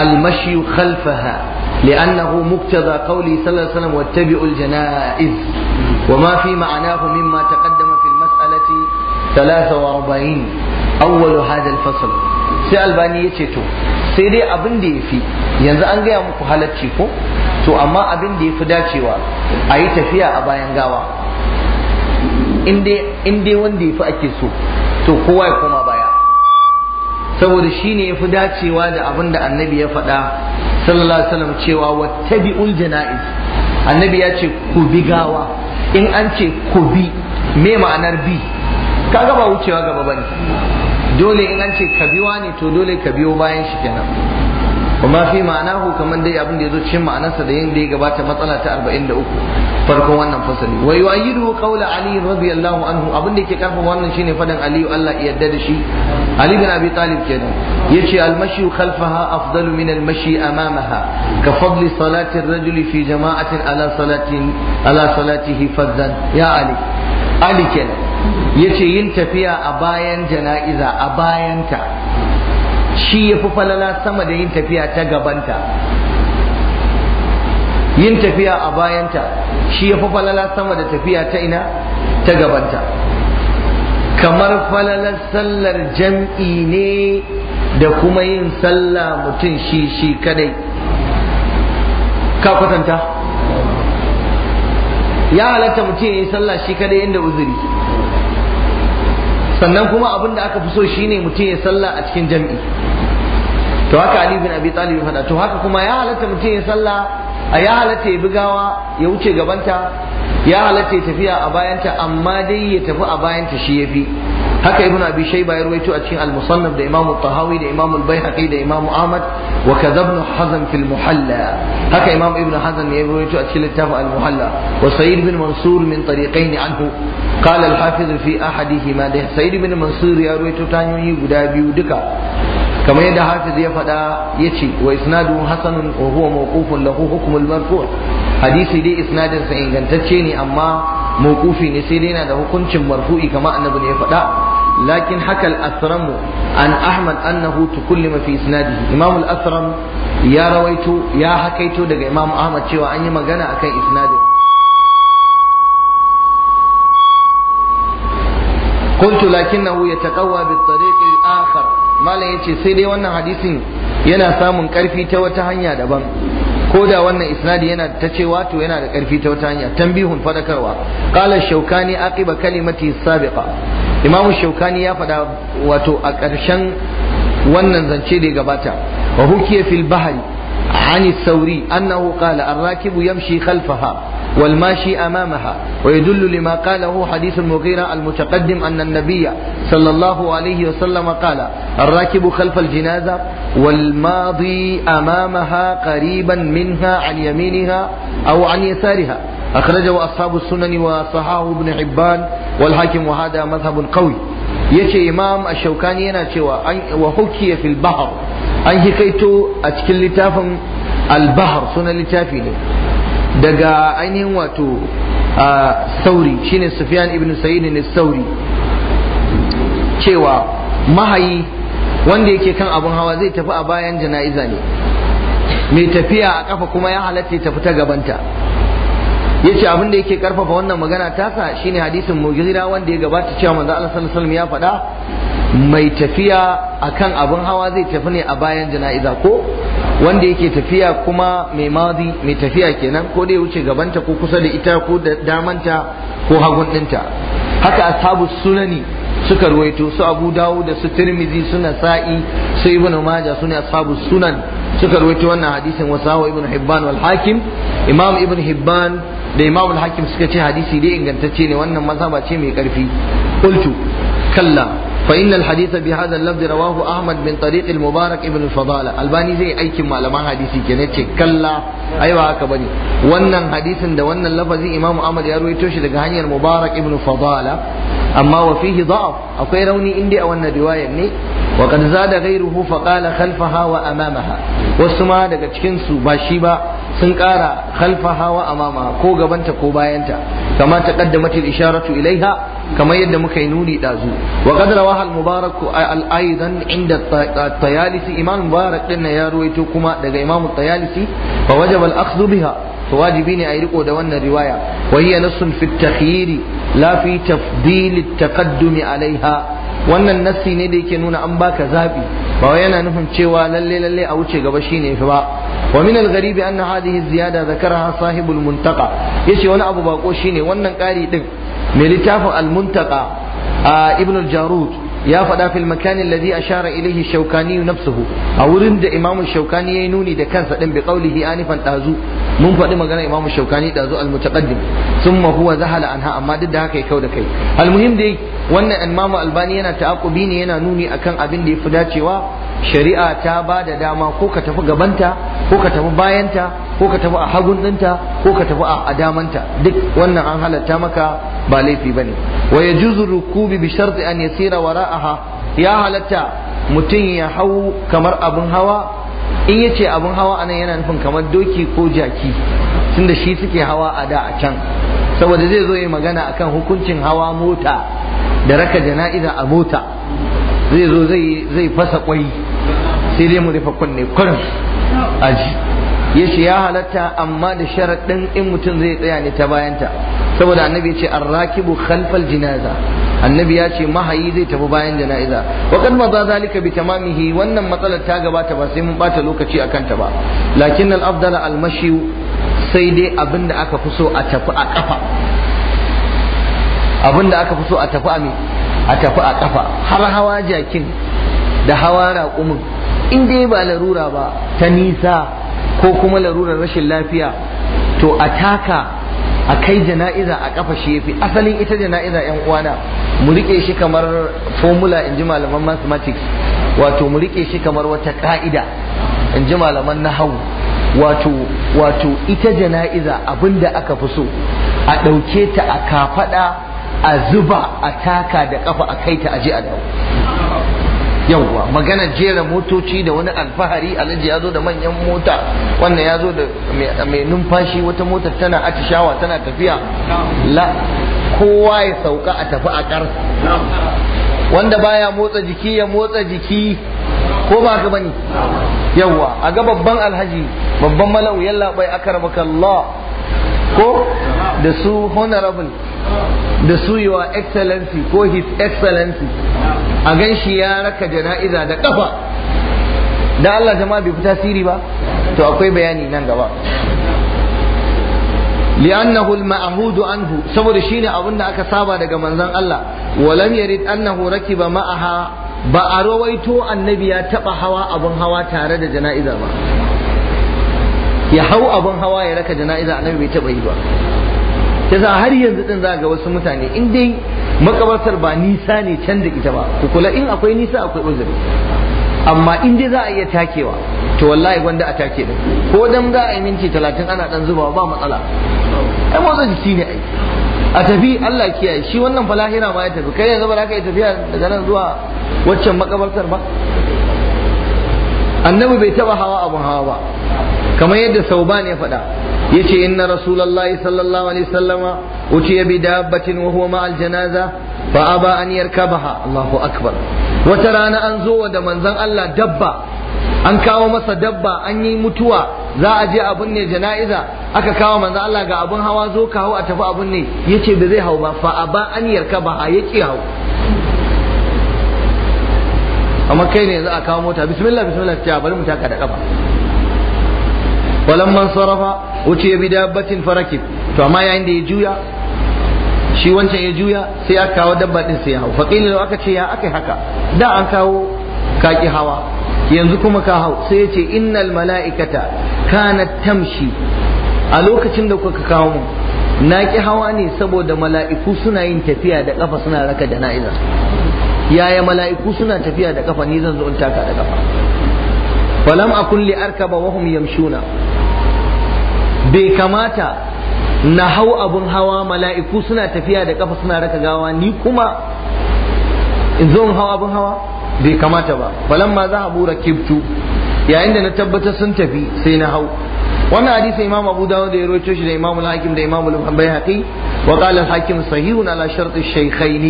A: al-mashi khalfaha لأنه مقتضى قوله صلى ma'ana عليه وسلم واتبعوا الجنائز وما في معناه مما تقدم في المسألة 43 أول هذا الفصل sai albani ya ce to sai dai abin ya fi yanzu an gaya muku halarci ko to amma abin ya fi dacewa a yi tafiya a bayan gawa in dai wanda ya fi ake so to kowa ya koma baya saboda shi shine yafi dacewa da abin da annabi ya faɗa sallallahu alaihi wasallam cewa wattabi'ul janaiz annabi ya ce ku bi gawa in an ce ku bi me ma'anar bi kaga ba wucewa gaba bane dole in an ce ka biwa ne to dole ka biyo bayan shi kenan kuma fi ma'anahu kamar dai abin da ya zo cikin ma'anarsa da yin ya gabata matsala ta 43 farkon wannan fasali wa yu'ayyidu qawla ali radiyallahu anhu abin da yake karfafa wannan shine fadan ali Allah ya yarda da shi ali bin abi talib kenan yace al-mashi khalfaha afdalu min al-mashi amamaha ka fadli salati ar-rajuli fi jama'atin ala salatin ala salatihi ya ali ali kenan yace yin tafiya a bayan jana'iza a bayanta shi ya fi falala sama da yin tafiya ta gabanta yin tafiya a bayanta shi ya fi falala sama da tafiya ta ina ta gabanta kamar falalar sallar jam'i ne da kuma yin sallah mutum shi shi kadai ka kwatanta ya halatta mutum ya yi sallah shi kadai inda uzuri sannan kuma abin da aka fi so shine mutum ya sallah a cikin jam'i to haka Ali bin Abi Talib ya faɗa to haka kuma ya halatta mutum ya sallah a ya halatta ya bugawa ya wuce gabanta ya halatta ya tafiya a bayanta amma dai ya tafi a bayanta shi yafi haka ibn abi shayba ya rawaito a cikin al-musannaf da imam tahawi da imam al-baihaqi da imam ahmad wa kadha ibn hazm fi al-muhalla haka imam ibn hazm ya rawaito a cikin littafin al-muhalla wa sa'id bin mansur min tariqayn anhu qala al-hafiz fi ahadihima da sa'id bin mansur ya rawaito ta hanyoyi guda biyu duka kamar yadda hafiz ya faɗa ya ce wa isnadu hasanun wa huwa mawqufun lahu hukmul marfu' hadisi dai isnadin sa ingantacce ne amma mawqufi ne sai dai yana da hukuncin marfu'i kamar annabi ne ya faɗa لكن حكى الأثرم عن أحمد أنه تكلم في إسناده إمام الأثرم يا رويت يا حكيت دقى إمام أحمد شوى أن يمغنى أكي إسناده
B: قلت لكنه
A: يتقوى بالطريق الآخر ما لا يتي سيدي وانا حديث yana samun karfi ta wata hanya daban ko da wannan isnadi yana ta ce wato yana da karfi ta wata hanya tambihun fadakarwa qala aƙiba aqiba kalimati sabiqa imam shaukani ya faɗa wato a ƙarshen wannan zance da ya gabata wa hukiya fil bahari ani sauri annahu qala ar-rakibu yamshi khalfaha wal mashi amamaha wa yadullu lima qalahu hadith al-mughira al-mutaqaddim anna an-nabiyya sallallahu alayhi wa sallam qala ar-rakibu khalfal janaza wal madi amamaha qariban minha an yaminiha aw an yasariha akhrajahu ashabu sunan wa sahahu ibn hibban wal wahada wa hada yace imam yana cewa wa hukiya fil bahr an hikaito a cikin littafin al-bahr sunan littafi ne daga ainihin wato sauri shine sufyan ibn sa'id ne sauri cewa mahayi wanda yake kan abun hawa zai tafi a bayan jana'iza ne mai tafiya a kafa kuma ya halatta ya tafi ta gabanta yace abin da yake karfafa wannan magana tasa shine hadisin mughira wanda ya gabata cewa manzo Allah sallallahu alaihi wasallam ya faɗa mai tafiya akan abin hawa zai tafi ne a bayan jana'iza ko wanda yake tafiya kuma mai madi mai tafiya kenan ko da ya wuce gabanta ko kusa da ita ko da damanta ko hagun dinta haka ashabu sunani suka ruwaito su abu dawo da su tirmizi suna sa'i su ibnu majah suna ashabu sunan suka rawaito wannan hadisin wasawa ibn hibban wal hakim imam ibn hibban da imam al hakim suka ce hadisi dai ingantacce ne wannan mazhaba ce mai karfi qultu kalla فإن الحديث بهذا اللفظ رواه أحمد من طريق المبارك ابن الفضالة الباني زي أي كما لما حديثي كنت كلا أيوة كبني وانا حديث دا وانا اللفظ إمام أحمد يروي توشي لقهاني المبارك ابن الفضالة أما وفيه ضعف أو كيروني إندي أو أن رواية ني وقد زاد غيره فقال خلفها وأمامها والسماء دا كتكنسو باشيبا sun ƙara kalfa hawa amama ko gabanta ko bayanta kama taqaddamat mata isharatu ilaiha kamar yadda muka yi nuni dazu wa qad rawaha al-mubarak al-aidan inda at-tayalisi imam mubarak din ya ruwaito kuma daga imam at-tayalisi fa wajaba al-akhdhu biha to wajibi ne a yi riko da wannan riwaya wa hiya nassun fi at la fi tafdil at-taqaddum alaiha wannan nassi ne da yake nuna an baka zabi ba yana nufin cewa lalle lalle a wuce gaba shine fi ba ومن الغريب أن هذه الزيادة ذكرها صاحب المنتقى يشي وانا أبو باقو شيني وانا قاري دم ملتاف المنتقى آه ابن الجارود يا فدا في المكان الذي أشار إليه الشوكاني نفسه أو رند إمام الشوكاني ينوني دكان سألم بقوله آنفا تازو من فدا مغانا إمام الشوكاني تازو المتقدم ثم هو ذهل عنها أما ضد هكا كودا كي المهم دي wannan imam albani yana ta'aqubi ne yana nuni akan abin da ya fi dacewa shari'a ta ba da dama ko ka tafi gabanta ko ka tafi bayanta ko ka tafi a hagun ɗinta ko ka tafi a damanta duk wannan an halatta maka ba laifi bane wa yajuzu rukubi bi sharti an yasira wara'aha ya halatta mutum ya hau kamar abin hawa in yace abin hawa anan yana nufin kamar doki ko jaki tunda shi suke hawa a da a can saboda zai zo yi magana akan hukuncin hawa mota da raka jana'iza a mota zai zo zai fasa kwai sai dai mu rufe kunne kurin
B: aji ya ce
A: ya halatta amma da sharaɗin in mutum zai tsaya ne ta bayanta saboda annabi ya ce rakibu khalfal jinaza annabi ya ce mahayi zai tafi bayan jana'iza wa kad maza zalika bi tamamihi wannan matsalar ta gabata ba sai mun bata lokaci akan ta ba lakin al afdala al mashi sai dai abinda aka fi so a tafi a kafa abinda aka fi so a tafi a me a tafi a kafa har hawa jakin da hawa raƙumin in dai ba larura ba ta nisa ko kuma larurar rashin lafiya to a taka a kai jana'iza a kafa shi yafi asalin ita jana'iza yan uwana mu rike shi kamar formula in ji malaman mathematics wato mu rike shi kamar wata ka'ida in ji malaman nahawu wato wato ita jana'iza abinda aka fi so a ɗauke ta a kafaɗa a zuba a taka da ƙafa a kai ta aje a dawo yawwa magana jera motoci da wani alfahari alhaji ya zo da manyan mota wannan ya zo da mai numfashi wata motar tana atishawa tana tafiya la kowa ya sauka a tafi a kar wanda baya motsa jiki ya motsa jiki ko ba ka bane yawwa a ga babban alhaji babban mala'u yalla bai akramaka Allah ko da su honorable da su yi ko his excellency a gan shi ya raka jana'iza da kafa da Allah ta ma bai fi tasiri ba to akwai bayani nan gaba li annahu anhu saboda shine abun da aka saba daga manzon Allah wa lam yarid annahu ma'aha ba a rawaito annabi ya taba hawa abun hawa tare da jana'iza ba ya hau abun hawa ya raka jana'iza annabi bai taba yi ba yasa har yanzu din za ga wasu mutane in dai makabartar ba nisa ne can da ita ba ku kula in akwai nisa akwai uzuri amma in dai za a iya takewa to wallahi wanda a take din ko dan za a yi minti talatin ana dan zuba ba matsala ai motsa jiki ne ai a tafi Allah kiyaye shi wannan falahira ma ya tafi kai yanzu ba za ka yi tafiya daga nan zuwa waccan makabartar ba annabi bai taba hawa abun hawa ba kamar yadda sauban ya faɗa yace inna rasulullahi sallallahu alaihi wasallama utiya bi dabbatin wa huwa ma'al janaza fa aba an yarkabaha Allahu akbar wata rana an zo da manzan Allah dabba an kawo masa dabba an yi mutuwa za a je abun ne jana'iza aka kawo manzan Allah ga abun hawa zo ka hau a tafi abun ne yace ba zai hau ba fa aba an yarkabaha yake hau amma kai ne za a kawo mota bismillah bismillah ta bari mu da kafa man sarafa wuce ya bi dabbatin farakib to amma yayin da ya juya shi wancan ya juya sai aka kawo dabba din sai ya hau faqila aka ce ya aka haka da an kawo kaki hawa yanzu kuma ka hau sai ya ce innal mala'ikata kanat tamshi a lokacin da kuka kawo mu na ki hawa ne saboda mala'iku suna yin tafiya da kafa suna raka jana'iza yaya mala'iku suna tafiya da kafa ni zan zo in taka da kafa falam akun li arkaba wa hum yamshuna bai kamata na hau abun hawa mala'iku suna tafiya da kafa suna raka gawa ni kuma in zo hau abun hawa bai kamata ba za balan a bura rakibtu yayin da na tabbatar sun tafi sai na hau wannan hadisi imam abu da ya rawaito shi da imam al-hakim da imam al-bayhaqi wa qala al-hakim sahihun ala shart al-shaykhain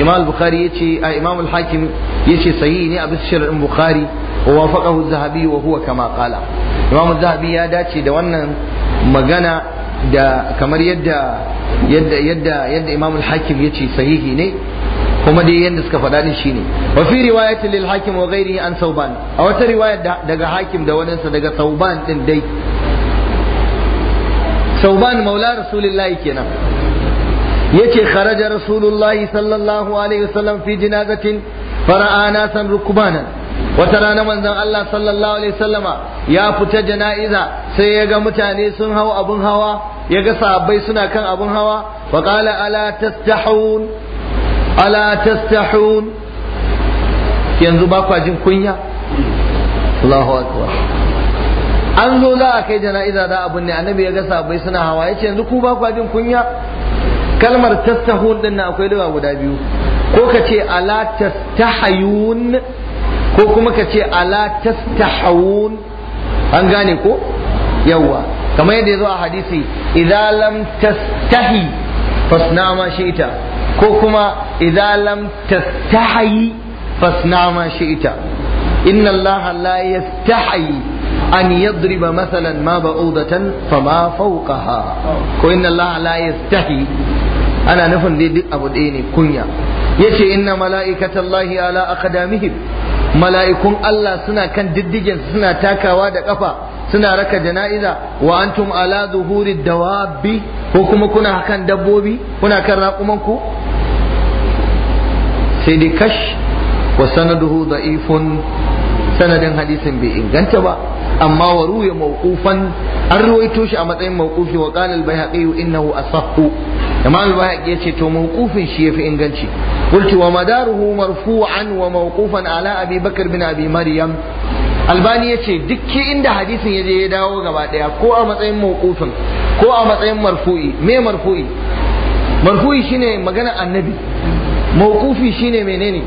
A: imam al-bukhari yace imam al-hakim yace sahihi ne a bisa bukhari ووافقه الذهبي وهو كما قال إمام الذهبي يا داتي دا wannan magana da kamar yadda Imam al-Hakim yace sahihi ne kuma dai yadda suka faɗa shine wa fi riwayatin lil hakim wa ghairihi an sauban a wata riwaya daga hakim da waninsa daga sauban din dai sauban maula rasulullahi kenan yace kharaja rasulullahi sallallahu alaihi wasallam fi fara'a wata rana manzon Allah sallallahu alaihi sallama ya fita jana'iza sai ya ga mutane sun hau abun hawa ya ga sahabbai suna kan abun hawa fa qala ala tastahun ala tastahun yanzu ba kwa jin kunya Allahu akbar an zo za a kai jana'iza da abun ne annabi ya ga sahabbai suna hawa yace yanzu ku ba kwa jin kunya kalmar tastahun din akwai lura guda biyu ko kace ala tastahayun ko kuma ka ce ala tastahawun an gane ko yawa kamar yadda ya a hadisi idza lam tastahi fasna ma shi'ita ko kuma idza lam tastahi fasna ma shi'ita inna allaha la yastahi an yadriba masalan ma ba'udatan fama fawqaha ko inna allaha la yastahi ana nufin dai duk abu ɗaya ne kunya yace inna malaikatallahi ala aqdamihim mala'ikun Allah suna kan diddigen suna takawa da kafa suna raka jana'iza wa antum ala zuhuri dawabi ko kuma kuna kan dabbobi kuna kan raƙumanku. ku sai dai kash wa sanaduhu da'ifun sanadin hadisin bai inganta ba amma wa ruya mawqufan an ruwaito shi a matsayin mawqufi wa qala al-bayhaqi innahu asahhu imam al-bayhaqi yace to mawqufin shi yafi inganci قلت ومداره مرفوعا وموقوفا على أبي بكر بن أبي مريم albani ya ce duk inda hadisin ya je ya dawo gaba daya ko a matsayin mawqufin ko a matsayin marfu'i me marfu'i marfu'i shine magana annabi mawqufi shine menene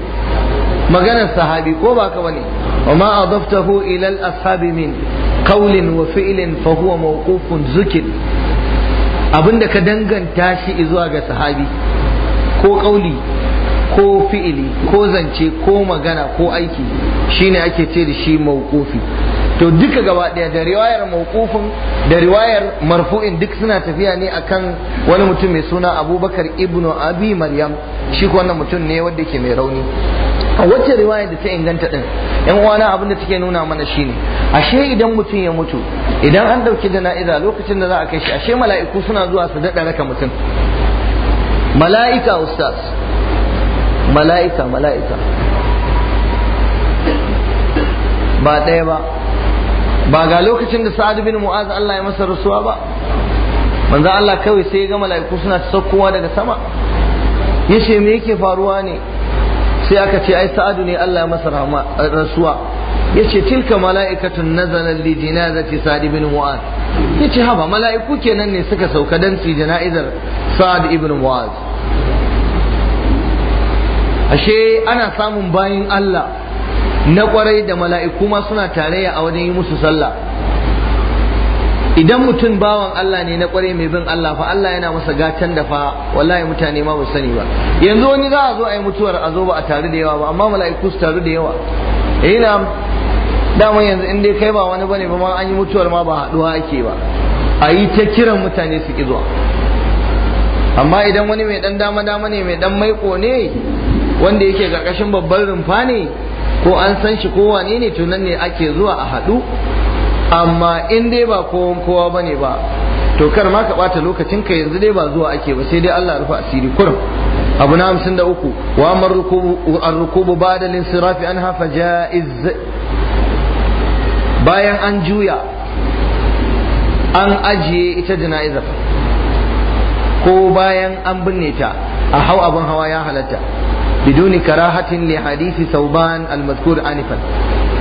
A: maganar sahabi ko ba ka bane wa ma adaftahu ila al ashabi min qawlin wa fi'lin fa huwa zukir abinda ka danganta shi zuwa ga sahabi ko kauli ko fi'ili ko zance ko magana ko aiki shine ake ce da shi mawqufi to duka gaba daya da riwayar mawqufin da riwayar marfu'in duk suna tafiya ne akan wani mutum mai suna Abubakar ibnu Abi Maryam shi ko wannan mutum ne wanda ke mai rauni a wacce riwayar da ta inganta din yan uwana abin da take nuna mana shine ashe idan mutum ya mutu idan an dauki jana'iza lokacin da za a kai shi ashe mala'iku suna zuwa su daɗa raka mutum mala'ika ustaz mala'ika mala'ika ba ɗaya ba ba ga lokacin da sa'ad bin mu'az Allah ya masa rasuwa ba manzo Allah kawai sai ya ga mala'iku suna saukowa daga sama yace me yake faruwa ne sai aka ce ai Sa'ad ne Allah ya masa rasuwa yace tilka mala'ikatun nazala li jinazati sa'ad bin mu'az yace haba mala'iku kenan ne suka sauka dan ci jana'izar sa'ad ibn mu'az ashe ana samun bayin Allah na kwarai da mala'iku ma suna tarayya a wajen yi musu sallah idan mutum bawan Allah ne na kwarai mai bin Allah fa Allah yana masa gatan da fa wallahi mutane ma ba sani ba yanzu wani za a zo a yi mutuwar a zo ba a taru da yawa ba amma mala'iku su taru da yawa ina eh, dama yanzu in dai kai ba wani bane ba ma an yi mutuwar ma ba haɗuwa ake ba a yi ta kiran mutane su ki zuwa amma idan wani mai ɗan dama dama ne mai dan maiko ne wanda yake ƙarƙashin babban rumfa ne ko an san shi kowa ne ne tunan ne ake zuwa a haɗu amma in dai ba kowan kowa bane ba to kar ma ka ɓata lokacin ka yanzu dai ba zuwa ake ba sai dai Allah rufa asiri kurum abu na hamsin da uku wa amma rukubu ba da linsirafi an hafa ja'iz bayan an juya an ajiye ita jana'izar ko bayan an binne ta a hau abin hawa ya halatta بدون كراهة لحديث ثوبان المذكور آنفا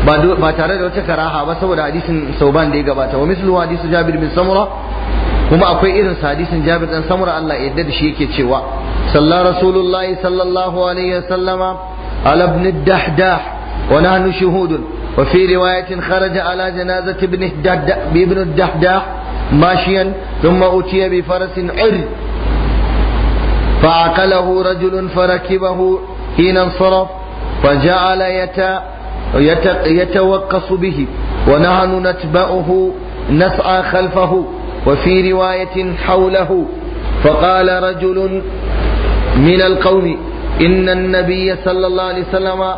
A: ba tare da wata karaha ba saboda hadisin sauban da gabata wa mislu hadisu jabir bin samura kuma akwai irin hadisin jabir dan samura Allah ya da shi yake cewa sallallahu rasulullahi sallallahu alaihi wasallama ala ibn dahdah wa nahnu shuhudun wa fi kharaja ala janazati ibn dahdah ibn dahdah ماشيا ثم أتي بفرس عر فعقله رجل فركبه حين انصرف فجعل يت يتوقص به ونحن نتبعه نسعى خلفه وفي رواية حوله فقال رجل من القوم إن النبي صلى الله عليه وسلم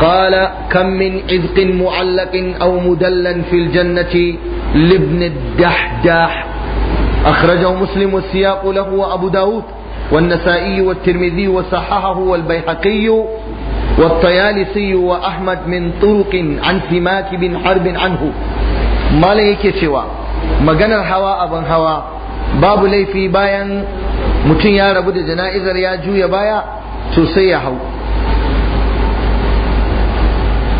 A: قال كم من عذق معلق أو مدلا في الجنة لابن الدحداح أخرجه مسلم والسياق له وأبو داود والنسائي والترمذي وصححه والبيحقي والطيالسي وأحمد من طرق عن سماك بن حرب عنه ما ليك سوى maganar hawa abin hawa babu laifi bayan mutum ya rabu da jana'izar ya juya baya to ya hau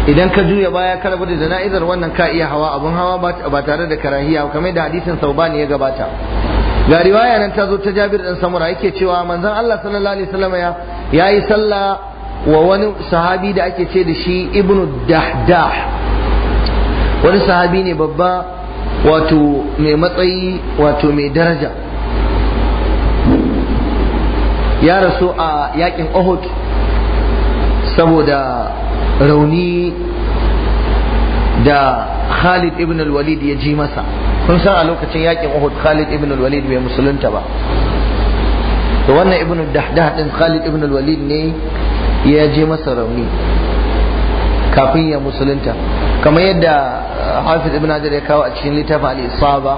A: idan ka juya baya ka rabu da jana'izar wannan ka iya hawa abin hawa ba tare da karahiya kamar da hadisin saubani ya gabata ga riwaya nan ta zo ta Jabir dan Samura yake cewa manzon Allah sallallahu alaihi wasallam ya yayi sallah wa wani sahabi da ake ce da shi ibnu Dahdah wani sahabi ne babba wato mai matsayi wato mai daraja ya rasu a yakin Uhud saboda rauni da Khalid ibn al-Walid ya ji masa kun san a lokacin yakin Uhud Khalid ibn al-Walid bai musulunta ba to wannan ibn dahdah Khalid ibn al-Walid ne ya je masa rauni kafin ya musulunta kamar yadda uh, Hafiz ibn Hajar ya kawo a cikin littafin al-Isaba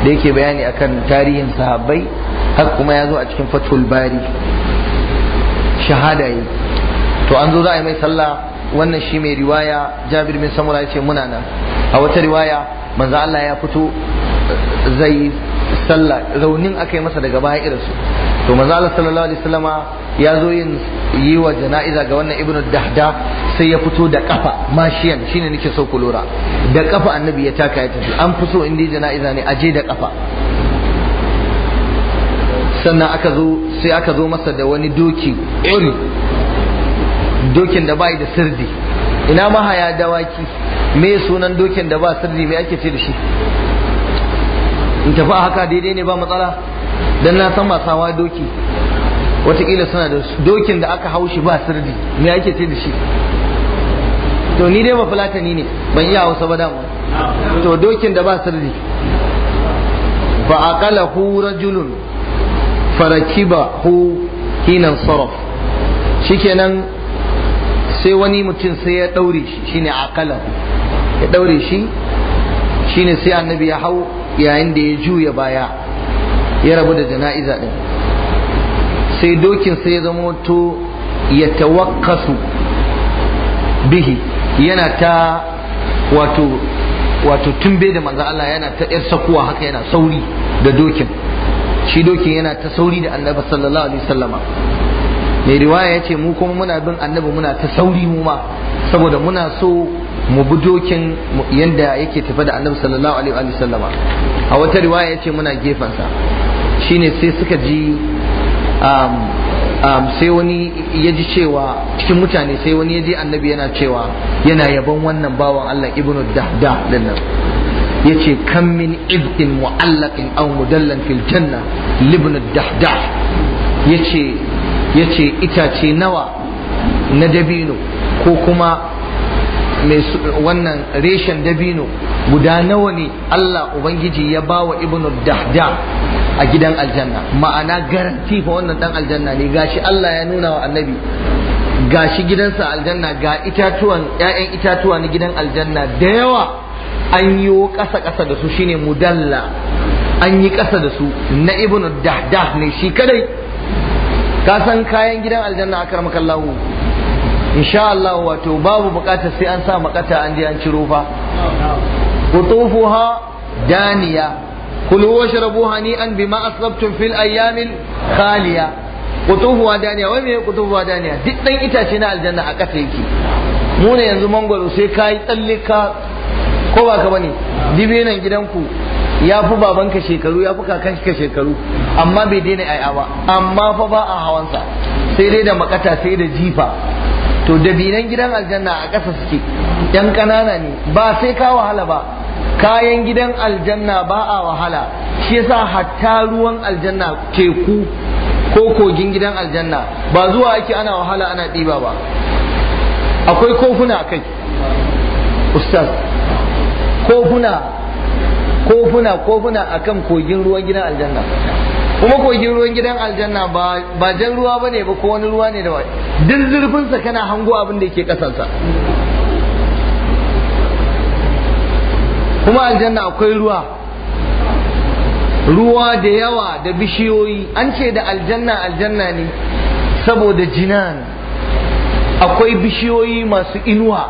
A: da yake bayani akan tarihin sahabbai har kuma ya zo a cikin Fathul Bari shahada yi to an zo za a yi mai sallah wannan shi mai riwaya Jabir bin Samura ya ce muna nan a wata riwaya manzo Allah ya fito zai sallah raunin aka masa daga baya irinsu to manzo Allah sallallahu alaihi wasallama ya zo yin yi wa jana'iza ga wannan ibnu dahda sai ya fito da kafa mashiyan shine nake so ku lura da kafa annabi ya taka ya tafi an fi so in jana'iza ne aje da kafa sannan aka zo sai aka zo masa da wani doki dokin da bai da sirdi ina mahaya dawaki me sunan dokin da ba sirri me ake ce da shi in tafi a haka daidai ne ba matsala don na san masawa doki watakila suna da dokin da aka hau shi ba sirri me ake ce da shi to ni dai bafulatani ne ban iya hausa ba damu to dokin da ba sirri fa aqalahu rajulun hu hinan sarraf shikenan sai wani mutum sai ya ɗaure shi shine akala ya ɗaure shi shine sai annabi ya hau yayin da ya juya baya ya rabu da jana'iza ɗin sai dokin sai ya zama to ya tawakkasu bihi yana ta wato wato tumbe da manzo Allah yana ta yar sakuwa haka yana sauri da dokin shi dokin yana ta sauri da annabi sallallahu alaihi wasallama mai riwaya ya ce mu kuma muna bin annabi muna ta sauri mu ma saboda muna so mu bi dokin yadda yake tafi da annabi sallallahu alaihi wa sallama a wata riwaya ya ce muna gefensa shine sai suka ji sai wani ya ji cewa cikin mutane sai wani ya ji annabi yana cewa yana yabon wannan bawan Allah ibnu dahda din nan yace kan min ibkin mu'allakin aw mudallan fil janna libnu dahda ce. ya ce itace nawa na dabino ko kuma wannan reshen dabino guda nawa ne Allah Ubangiji ya ba wa ibn dahda a gidan aljanna ma'ana garanti fa wannan dan aljanna ne gashi Allah ya nuna wa annabi gashi gidansa aljanna ga itatuwan 'ya'yan itatuwa na gidan aljanna da yawa an yi ƙasa ƙasa da su shine mudalla an yi ƙasa da su na ibn dahda ne shi kadai ka san kayan gidan aljanna akramakallahu insha Allah wato babu bukatar sai an sa makata an je an ciro fa qutufuha daniya kulu washrabu hani'an bima aslabtum fil ayyamil khaliya qutufuha daniya wai me qutufuha daniya duk dan itace na aljanna a kasa yake mu ne yanzu mangwaro sai kai tsalle ka ko ba ka bane dibinan gidanku ya fi babanka shekaru ya fi kakanka shekaru amma bai daina yaya ba amma fa ba a hawansa sai dai da makata sai da jifa to dabinan gidan aljanna a ƙasa suke yan ƙanana ne ba sai ka wahala ba kayan gidan aljanna ba a wahala shi yasa hatta ruwan aljanna teku ko kogin gidan aljanna ba zuwa ake ana wahala ana ɗiba ba akwai kofuna kai ustaz kofuna kofuna kofuna akan kogin ruwan gidan aljanna kuma kogin ruwan gidan aljanna ba ba jan ruwa bane ba ko wani ruwa ne da duk zurfin sa kana hango abin da yake kasansa kuma aljanna akwai ruwa ruwa da yawa da bishiyoyi an ce da aljanna aljanna ne saboda jinan akwai bishiyoyi masu inuwa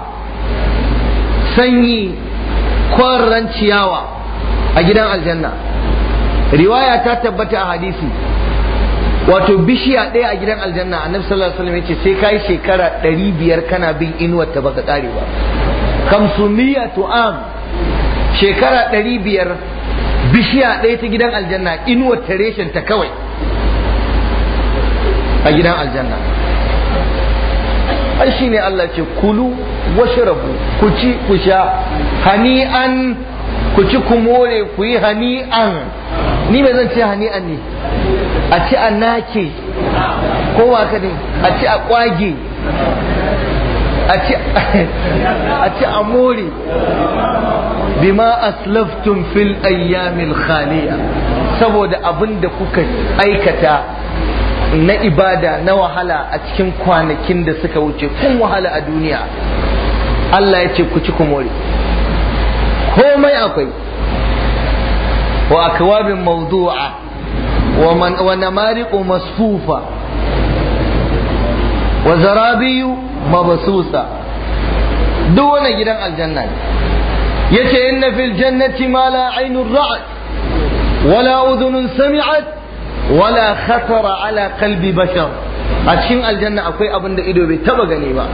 A: sanyi kwarran ciyawa a gidan aljanna riwaya ta tabbata a hadisi wato bishiya ɗaya a gidan aljanna annabi sallallahu alaihi wasallam yace sai kai shekara 500 kana bin inuwar ta baka kare ba kamsumiyatu am shekara biyar bishiya ɗaya ta gidan aljanna inuwar ta reshen ta kawai a gidan aljanna ai ne Allah ce kulu washrabu ku ci ku sha hani'an ku ci ku more ku yi hani'an ni me zan ce hani'an ne a ci a nake ko waka ne a ci a kwage [LAUGHS] a ci a more bima aslaftum fil ayyamil khaliya saboda abin da kuka aikata na ibada na wahala a cikin kwanakin da suka wuce kun wahala a duniya Allah ya ce ku ci ku more komai akwai wa akwabin mawdu'a wa namariqu masfufa wa zarabiyu mabsusa duk wani gidan aljanna ne yace inna fil jannati ma la aynun ra'at wala udhunun sami'at wala khatara ala kalbi bashar a cikin aljanna akwai abin da ido bai taba gani ba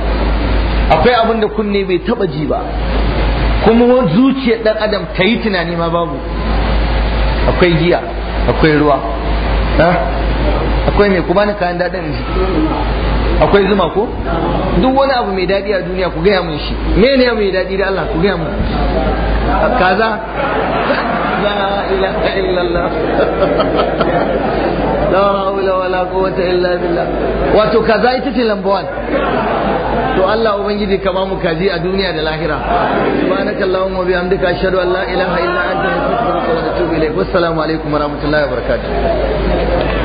A: akwai abin da kunne bai taba ji ba kuma zuciyar dan adam ta yi tunani ma babu akwai giya akwai ruwa akwai mai kuma na kayan daɗin akwai zuma ko duk wani abu mai daɗi a duniya ku gaya mun shi me ne mai daɗi da Allah ku gaya mun kaza la ilaha illallah la hawla wala quwwata illa billah wato kaza ita ce lambawan to Allah ubangiji ka ba mu kaji a duniya da lahira subhanaka allahumma wa bihamdika ashhadu an la ilaha illa anta astaghfiruka wa atubu ilaik wassalamu alaikum wa rahmatullahi wa barakatuh